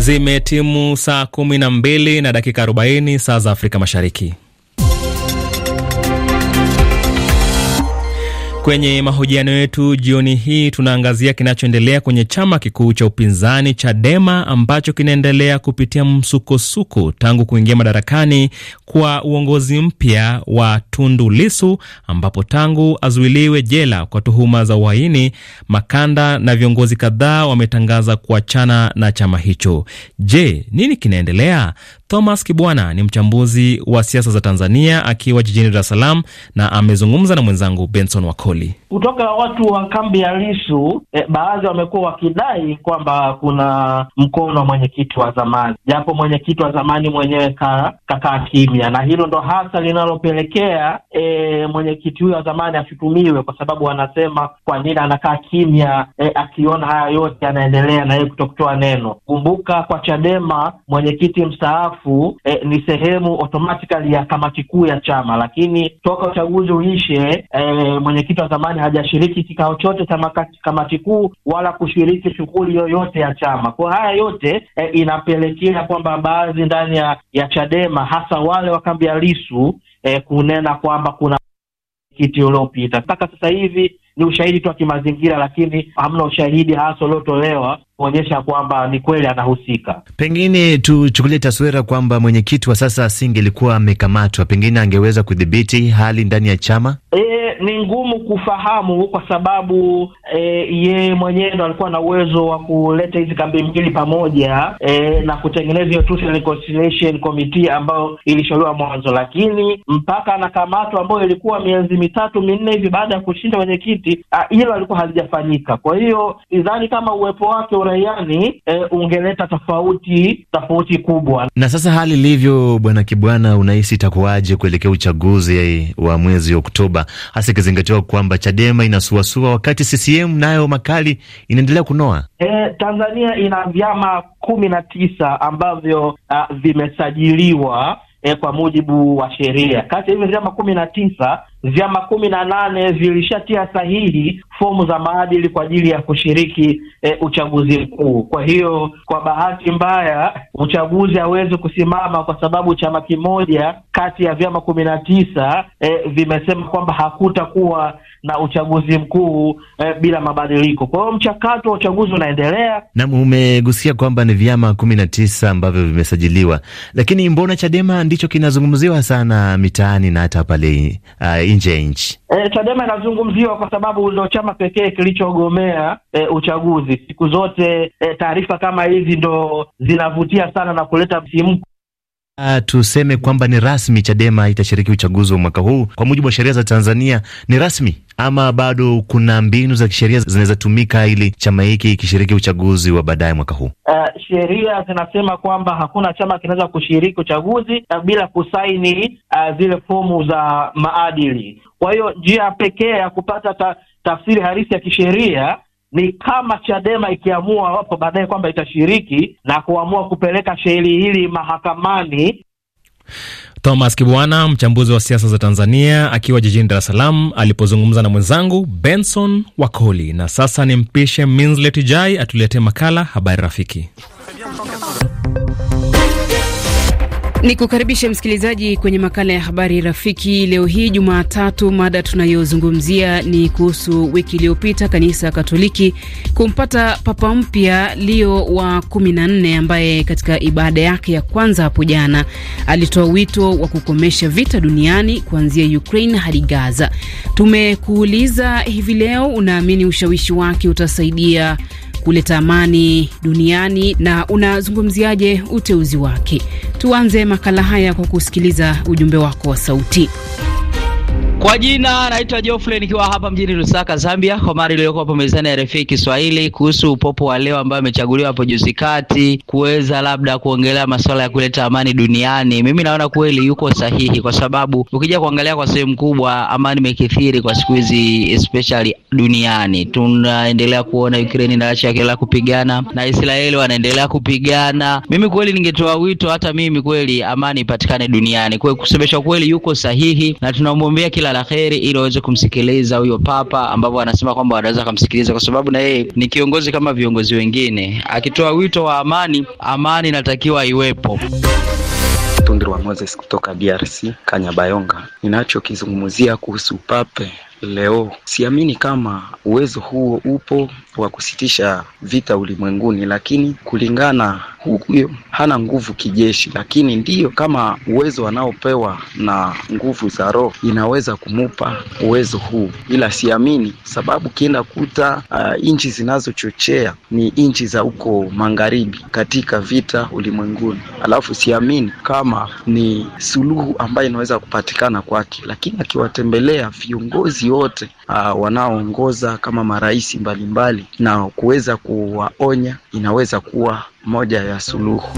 Zimetimu saa kumi na mbili na dakika arobaini saa za Afrika Mashariki. Kwenye mahojiano yetu jioni hii tunaangazia kinachoendelea kwenye chama kikuu cha upinzani Chadema ambacho kinaendelea kupitia msukosuko tangu kuingia madarakani kwa uongozi mpya wa Tundu Lisu, ambapo tangu azuiliwe jela kwa tuhuma za uhaini, makanda na viongozi kadhaa wametangaza kuachana na chama hicho. Je, nini kinaendelea? Thomas Kibwana ni mchambuzi wa siasa za Tanzania akiwa jijini Dar es Salaam na amezungumza na mwenzangu Benson Wakoli serikali. Kutoka watu wa kambi ya Lisu eh, baadhi wamekuwa wakidai kwamba kuna mkono wa mwenyekiti wa zamani, japo mwenyekiti wa zamani mwenyewe kakaa kimya, na hilo ndo hasa linalopelekea eh, mwenyekiti huyo wa zamani ashutumiwe, kwa sababu wanasema kwa nini anakaa kimya eh, akiona haya yote anaendelea na yeye kutokutoa neno. Kumbuka kwa Chadema mwenyekiti mstaafu eh, ni sehemu automatically ya kamati kuu ya chama, lakini toka uchaguzi uishe eh, mwenyekiti wa zamani hajashiriki kikao chote cha kamati kuu wala kushiriki shughuli yoyote ya chama. Kwa haya yote e, inapelekea kwamba baadhi ndani ya, ya Chadema hasa wale wa kambi ya Lisu e, kunena kwamba kuna kiti uliopita mpaka sasa hivi ni ushahidi tu wa kimazingira, lakini hamna ushahidi hasa uliotolewa kuonyesha kwamba ni kweli anahusika. Pengine tuchukulie taswira kwamba mwenyekiti wa sasa asingelikuwa amekamatwa, pengine angeweza kudhibiti hali ndani ya chama e ni ngumu kufahamu kwa sababu e, eh, yeye mwenyewe ndo alikuwa na uwezo wa kuleta hizi kambi mbili pamoja e, na kutengeneza hiyo Truth and Reconciliation Committee ambayo ilishauriwa mwanzo, lakini mpaka anakamatwa, ambayo ilikuwa miezi mitatu minne hivi baada ya kushinda kwenye kiti, ah, hilo alikuwa halijafanyika. Kwa hiyo sidhani kama uwepo wake uraiani e, ungeleta tofauti tofauti kubwa. Na sasa hali ilivyo, bwana Kibwana, unahisi itakuwaje kuelekea uchaguzi wa mwezi Oktoba hasa hasa ikizingatiwa kwamba Chadema inasuasua wakati CCM nayo makali inaendelea kunoa. E, Tanzania ina vyama kumi na tisa ambavyo uh, vimesajiliwa eh, kwa mujibu wa sheria. Kati ya hivyo vyama kumi na tisa, vyama kumi na nane vilishatia sahihi fomu za maadili kwa ajili ya kushiriki eh, uchaguzi mkuu. Kwa hiyo kwa bahati mbaya uchaguzi hawezi kusimama kwa sababu chama kimoja kati ya vyama kumi na tisa eh, vimesema kwamba hakutakuwa na uchaguzi mkuu eh, bila mabadiliko. Kwa hiyo mchakato wa uchaguzi unaendelea. Na umegusia kwamba ni vyama kumi na tisa ambavyo vimesajiliwa, lakini mbona Chadema ndicho kinazungumziwa sana mitaani na hata pale uh, nje ya nchi? Eh, Chadema inazungumziwa kwa sababu ndio chama pekee kilichogomea eh, uchaguzi. Siku zote eh, taarifa kama hizi ndo zinavutia sana na kuleta msimko. Uh, tuseme kwamba ni rasmi Chadema itashiriki uchaguzi wa mwaka huu kwa mujibu wa sheria za Tanzania, ni rasmi ama bado kuna mbinu za kisheria zinaweza tumika ili chama hiki kishiriki uchaguzi wa baadaye mwaka huu? Uh, sheria zinasema kwamba hakuna chama kinaweza kushiriki uchaguzi bila kusaini uh, zile fomu za maadili. Kwa hiyo njia pekee ya kupata ta, tafsiri halisi ya kisheria ni kama Chadema ikiamua wapo baadaye kwamba itashiriki na kuamua kupeleka shauri hili mahakamani. Thomas Kibwana, mchambuzi wa siasa za Tanzania, akiwa jijini Dar es Salaam alipozungumza na mwenzangu Benson Wakoli. Na sasa mpishe Minslet Jai atuletee makala Habari Rafiki. Ni kukaribisha msikilizaji kwenye makala ya habari rafiki. Leo hii Jumatatu, mada tunayozungumzia ni kuhusu wiki iliyopita kanisa Katoliki kumpata papa mpya lio wa 14 ambaye katika ibada yake ya kwanza hapo jana alitoa wito wa kukomesha vita duniani kuanzia Ukraine hadi Gaza. Tumekuuliza hivi leo, unaamini ushawishi wake utasaidia kuleta amani duniani na unazungumziaje uteuzi wake? Tuanze makala haya kwa kusikiliza ujumbe wako wa sauti. Kwa jina naitwa Geoffrey nikiwa hapa mjini Lusaka, Zambia, kwa mara iliyoko hapa mezani ya RFI Kiswahili kuhusu upopo wa leo ambayo amechaguliwa hapo juzi kati kuweza labda kuongelea masuala ya kuleta amani duniani. Mimi naona kweli yuko sahihi, kwa sababu ukija kuangalia kwa sehemu kubwa amani imekithiri kwa siku hizi, especially duniani. Tunaendelea kuona Ukraine na Russia wakiendelea kupigana na Israeli wanaendelea kupigana. Mimi kweli ningetoa wito, hata mimi kweli amani ipatikane duniani. Kwa kusebesha kweli yuko sahihi na tunamwombea kila la heri ili waweze kumsikiliza huyo papa, ambapo anasema kwamba wanaweza kumsikiliza kwa sababu na yeye ni kiongozi kama viongozi wengine, akitoa wito wa amani, amani inatakiwa iwepo. Tundiru wa Moses kutoka DRC Kanyabayonga. Ninachokizungumzia kuhusu pape leo, siamini kama uwezo huo upo wa kusitisha vita ulimwenguni, lakini kulingana huyo hana nguvu kijeshi, lakini ndiyo kama uwezo anaopewa na nguvu za roho inaweza kumupa uwezo huu, ila siamini, sababu kienda kuta uh, nchi zinazochochea ni nchi za huko magharibi katika vita ulimwenguni, alafu siamini kama ni suluhu ambayo inaweza kupatikana kwake, lakini akiwatembelea viongozi wote uh, wanaoongoza kama marais mbalimbali na kuweza kuwaonya inaweza kuwa moja ya suluhu.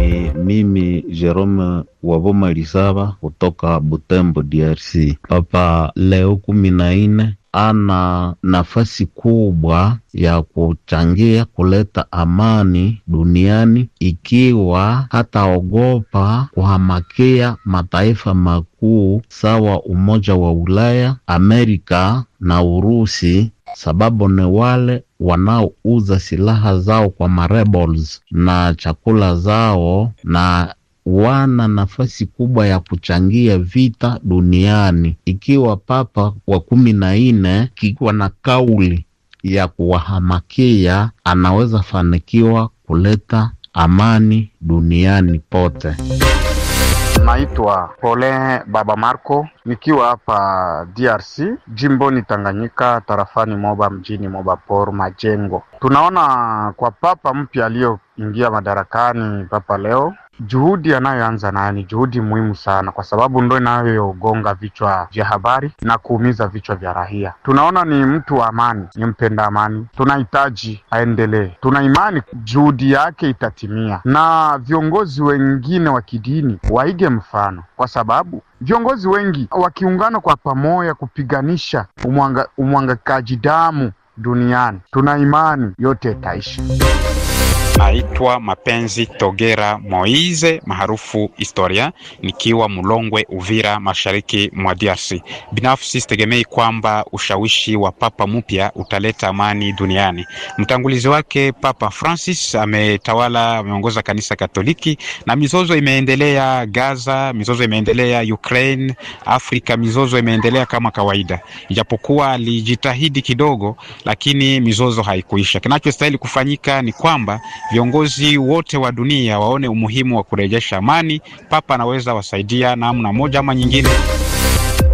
E, mimi Jerome Wavoma Lisaba kutoka Butembo DRC. Papa Leo kumi na nne ana nafasi kubwa ya kuchangia kuleta amani duniani, ikiwa hataogopa kuhamakia mataifa makuu sawa Umoja wa Ulaya, Amerika na Urusi, sababu ni wale wanaouza silaha zao kwa marebels na chakula zao na wana nafasi kubwa ya kuchangia vita duniani, ikiwa Papa wa kumi na nne kiwa na kauli ya kuwahamakia anaweza fanikiwa kuleta amani duniani pote. Naitwa Pole Baba Marco nikiwa hapa DRC jimbo ni Tanganyika tarafani Moba mjini Moba Por Majengo. Tunaona kwa papa mpya aliyoingia madarakani, Papa Leo Juhudi anayoanza nayo ni juhudi muhimu sana, kwa sababu ndo inayogonga vichwa vya habari na kuumiza vichwa vya raia. Tunaona ni mtu wa amani, ni mpenda amani, tunahitaji aendelee. Tuna imani juhudi yake itatimia, na viongozi wengine wa kidini waige mfano, kwa sababu viongozi wengi wakiungana kwa pamoja kupiganisha umwanga, umwangakaji damu duniani, tuna imani yote itaisha. Naitwa Mapenzi Togera Moize maarufu Historia, nikiwa Mlongwe, Uvira, mashariki mwa DRC. Binafsi sitegemei kwamba ushawishi wa papa mpya utaleta amani duniani. Mtangulizi wake Papa Francis ametawala, ameongoza kanisa Katoliki na mizozo imeendelea Gaza, mizozo imeendelea Ukraine, Afrika, mizozo imeendelea kama kawaida, ijapokuwa alijitahidi kidogo, lakini mizozo haikuisha. Kinachostahili kufanyika ni kwamba viongozi wote wa dunia waone umuhimu wa kurejesha amani. Papa anaweza wasaidia namna moja ama nyingine.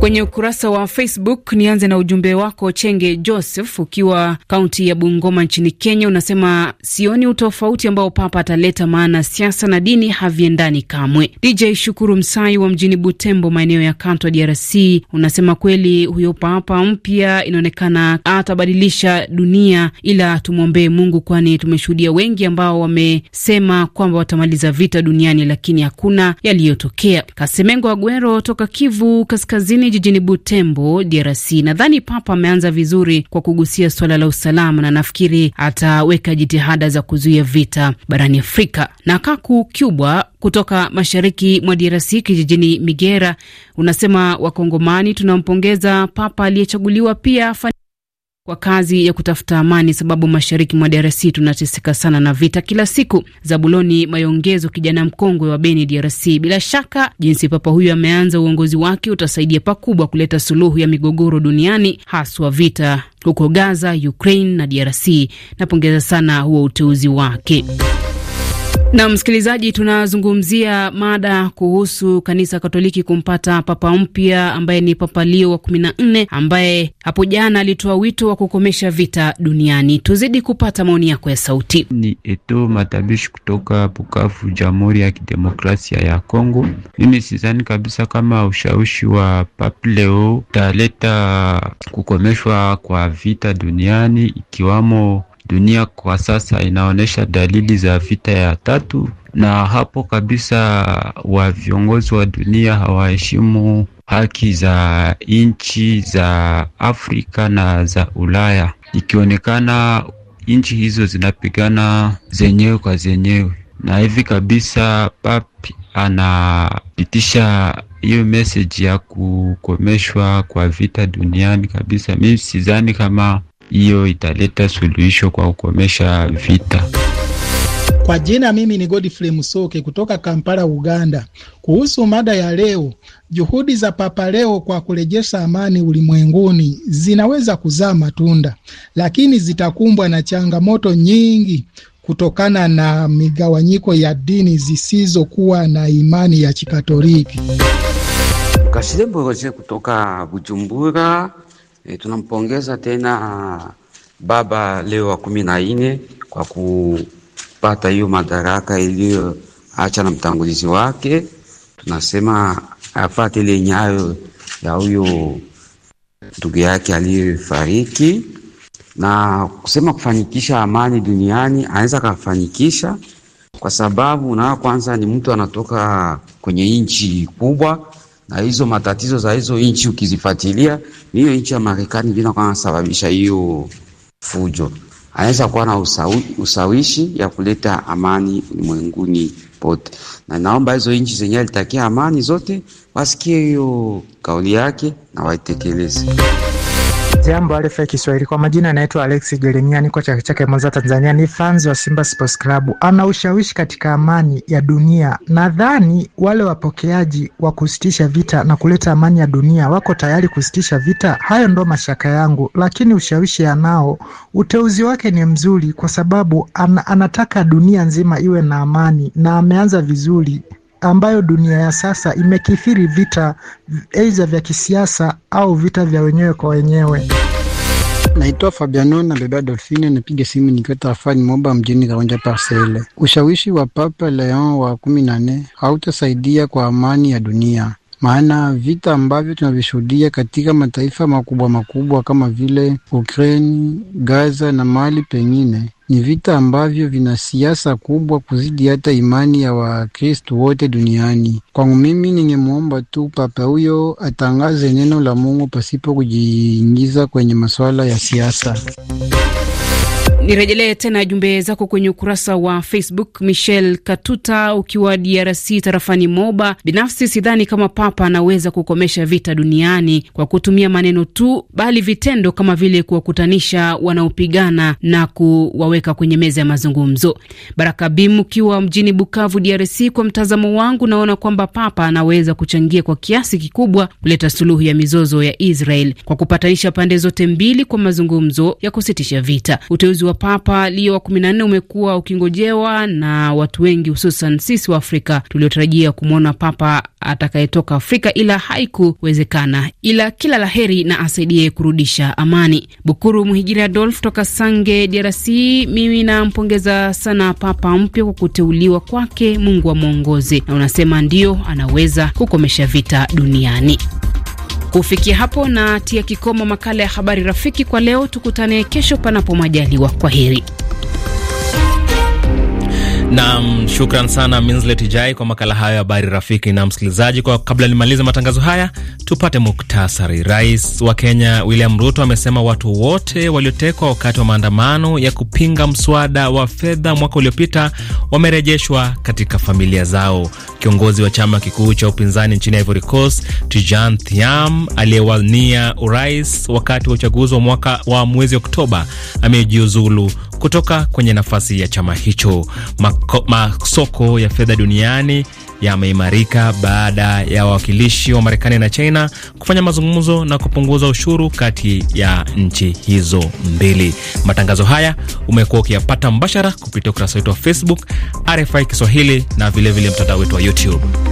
Kwenye ukurasa wa Facebook, nianze na ujumbe wako Chenge Joseph ukiwa kaunti ya Bungoma nchini Kenya. Unasema sioni utofauti ambao papa ataleta, maana siasa na dini haviendani kamwe. DJ Shukuru Msai wa mjini Butembo, maeneo ya Kanto, DRC, unasema kweli huyo papa mpya inaonekana atabadilisha dunia, ila tumwombee Mungu, kwani tumeshuhudia wengi ambao wamesema kwamba watamaliza vita duniani, lakini hakuna yaliyotokea. Kasemengo Agwero toka Kivu Kaskazini jijini Butembo, DRC. Nadhani Papa ameanza vizuri kwa kugusia suala la usalama, na nafikiri ataweka jitihada za kuzuia vita barani Afrika. Na Kaku Kubwa kutoka mashariki mwa DRC, kijijini Migera, unasema Wakongomani tunampongeza Papa aliyechaguliwa pia kwa kazi ya kutafuta amani, sababu mashariki mwa DRC tunateseka sana na vita kila siku. Zabuloni Mayongezo, kijana mkongwe wa Beni, DRC. Bila shaka jinsi papa huyu ameanza uongozi wake utasaidia pakubwa kuleta suluhu ya migogoro duniani, haswa vita huko Gaza, Ukraine na DRC. Napongeza sana huo uteuzi wake. Na msikilizaji, tunazungumzia mada kuhusu kanisa Katoliki kumpata papa mpya ambaye ni Papa Leo wa kumi na nne ambaye hapo jana alitoa wito wa kukomesha vita duniani. Tuzidi kupata maoni yako ya sauti. Ni Eto Matabishi kutoka Bukavu, Jamhuri ya Kidemokrasia ya Kongo. Mimi sizani kabisa kama ushawishi wa Papa Leo utaleta kukomeshwa kwa vita duniani ikiwamo dunia kwa sasa inaonyesha dalili za vita ya tatu, na hapo kabisa wa viongozi wa dunia hawaheshimu haki za nchi za Afrika na za Ulaya, ikionekana nchi hizo zinapigana zenyewe kwa zenyewe, na hivi kabisa Papi anapitisha hiyo message ya kukomeshwa kwa vita duniani kabisa. Mimi sidhani kama hiyo italeta suluhisho kwa kukomesha vita. Kwa jina mimi ni Godfrey Musoke kutoka Kampala, Uganda. Kuhusu mada ya leo, juhudi za Papa Leo kwa kurejesha amani ulimwenguni zinaweza kuzaa matunda, lakini zitakumbwa na changamoto nyingi kutokana na migawanyiko ya dini zisizokuwa na imani ya Kikatoliki. Kashirembo Roje kutoka Bujumbura. E, tunampongeza tena baba Leo wa kumi na nne kwa kupata hiyo madaraka iliyoacha na mtangulizi wake. Tunasema afate ile nyayo ya huyo ndugu yake aliyefariki, na kusema kufanikisha amani duniani, anaweza akafanikisha kwa sababu na kwanza ni mtu anatoka kwenye nchi kubwa na hizo matatizo za hizo nchi ukizifuatilia, ni hiyo nchi ya Marekani vinakuwa nasababisha hiyo fujo. Anaweza kuwa na usawi, usawishi ya kuleta amani ulimwenguni pote, na naomba hizo nchi zenye alitakia amani zote wasikie hiyo kauli yake na waitekeleze. Jambo RFI Kiswahili, kwa majina anaitwa Alex Jeremia, niko Chake Chake, Mwanza, Tanzania. Ni fans wa Simba Sports Club. Ana ushawishi katika amani ya dunia. Nadhani wale wapokeaji wa kusitisha vita na kuleta amani ya dunia wako tayari kusitisha vita, hayo ndo mashaka yangu, lakini ushawishi anao. Uteuzi wake ni mzuri kwa sababu an anataka dunia nzima iwe na amani na ameanza vizuri ambayo dunia ya sasa imekithiri vita aidha vya kisiasa au vita vya wenyewe kwa wenyewe. Naitwa Fabiano na bebe Adolfine, napiga simu nikiwa tarafani Moba mjini Karonja Parcele. Ushawishi wa Papa Leon wa kumi na nne hautasaidia kwa amani ya dunia, maana vita ambavyo tunavishuhudia katika mataifa makubwa makubwa kama vile Ukraine, Gaza na mahali pengine ni vita ambavyo vina siasa kubwa kuzidi hata imani ya Wakristu wote duniani. Kwangu mimi, ningemwomba tu papa huyo atangaze neno la Mungu pasipo kujiingiza kwenye masuala ya siasa. Nirejelee tena jumbe zako kwenye ukurasa wa Facebook. Michel Katuta ukiwa DRC tarafani Moba, binafsi sidhani kama papa anaweza kukomesha vita duniani kwa kutumia maneno tu, bali vitendo kama vile kuwakutanisha wanaopigana na kuwaweka kwenye meza ya mazungumzo. Baraka Bim ukiwa mjini Bukavu, DRC, kwa mtazamo wangu naona kwamba papa anaweza kuchangia kwa kiasi kikubwa kuleta suluhu ya mizozo ya Israel kwa kupatanisha pande zote mbili kwa mazungumzo ya kusitisha vita. Uteuzi wa wa Papa Leo wa kumi na nne umekuwa ukingojewa na watu wengi, hususan sisi wa Afrika tuliotarajia kumwona papa atakayetoka Afrika, ila haikuwezekana. Ila kila laheri na asaidie kurudisha amani. Bukuru Muhijiri Adolf toka Sange, DRC. Mimi nampongeza sana papa mpya kwa kuteuliwa kwake, Mungu amwongoze. Na unasema ndio anaweza kukomesha vita duniani. Kufikia hapo na tia kikomo makala ya habari rafiki kwa leo. Tukutane kesho panapo majaliwa. Kwa heri. Nam, shukran sana Minslet Jai kwa makala hayo ya habari rafiki. Na msikilizaji, kwa kabla nimalize matangazo haya, tupate muktasari. Rais wa Kenya William Ruto amesema watu wote waliotekwa wakati wa maandamano ya kupinga mswada wa fedha mwaka uliopita wamerejeshwa katika familia zao. Kiongozi wa chama kikuu cha upinzani nchini Ivory Coast Tijan Thiam aliyewania urais wakati wa uchaguzi wa mwaka wa mwezi Oktoba amejiuzulu kutoka kwenye nafasi ya chama hicho. Mako, masoko ya fedha duniani yameimarika baada ya wawakilishi wa Marekani na China kufanya mazungumzo na kupunguza ushuru kati ya nchi hizo mbili. Matangazo haya umekuwa ukiyapata mbashara kupitia ukurasa wetu wa Facebook RFI Kiswahili na vilevile mtandao wetu wa YouTube.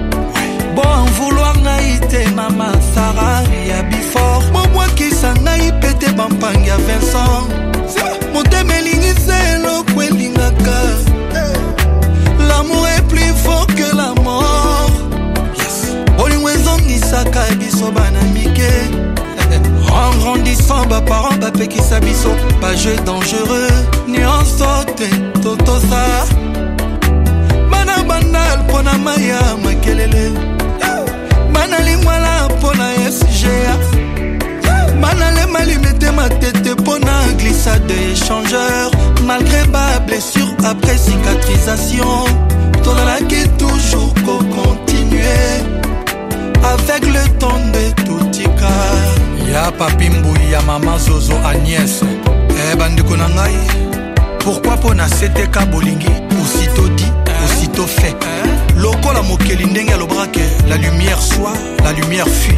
bon vouloir ngai te mama Sarah ya bifor s'en ngai pete bampangi ya vincent motema elingisa eloko elingaka lamour est plus fort que la mort bolingo ezongisaka biso bana mike en grandissant baparent bapekisa biso bajeu dangereux Ni en totosa bana bandal mpo na mai ya makelele banalingwala mpo na sga banalema limete matete mpo na glissade échangeur malgré ba blessure après cicatrisation tozalaki toujours kocontinue avec le temps de totika ya papi mbui ya mama zozo agnès e eh, bandeko na ngai pourkui mpo na seteka bolingi osito di osito fait lokola mokeli ndenge brake la lumière soit la lumière fuit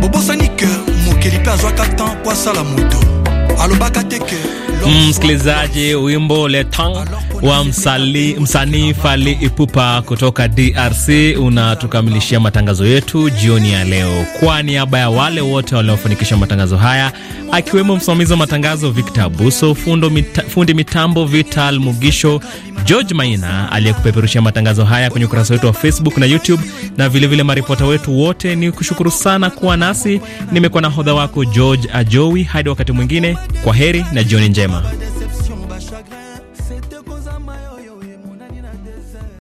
bobosani ke mokeli mpe azwaka temps la asala moto alobaka te Msikilizaji, wimbo letan wa msanii fali Ipupa kutoka DRC unatukamilishia matangazo yetu jioni ya leo. Kwa niaba ya wale wote waliofanikisha matangazo haya, akiwemo msimamizi wa matangazo Victor Buso, mita, fundi mitambo Vital Mugisho, George Maina aliyekupeperushia matangazo haya kwenye ukurasa wetu wa Facebook na YouTube, na vilevile maripota wetu wote, ni kushukuru sana kuwa nasi. Nimekuwa na hodha wako George Ajowi. Hadi wakati mwingine, kwa heri na jioni njema. Fatima.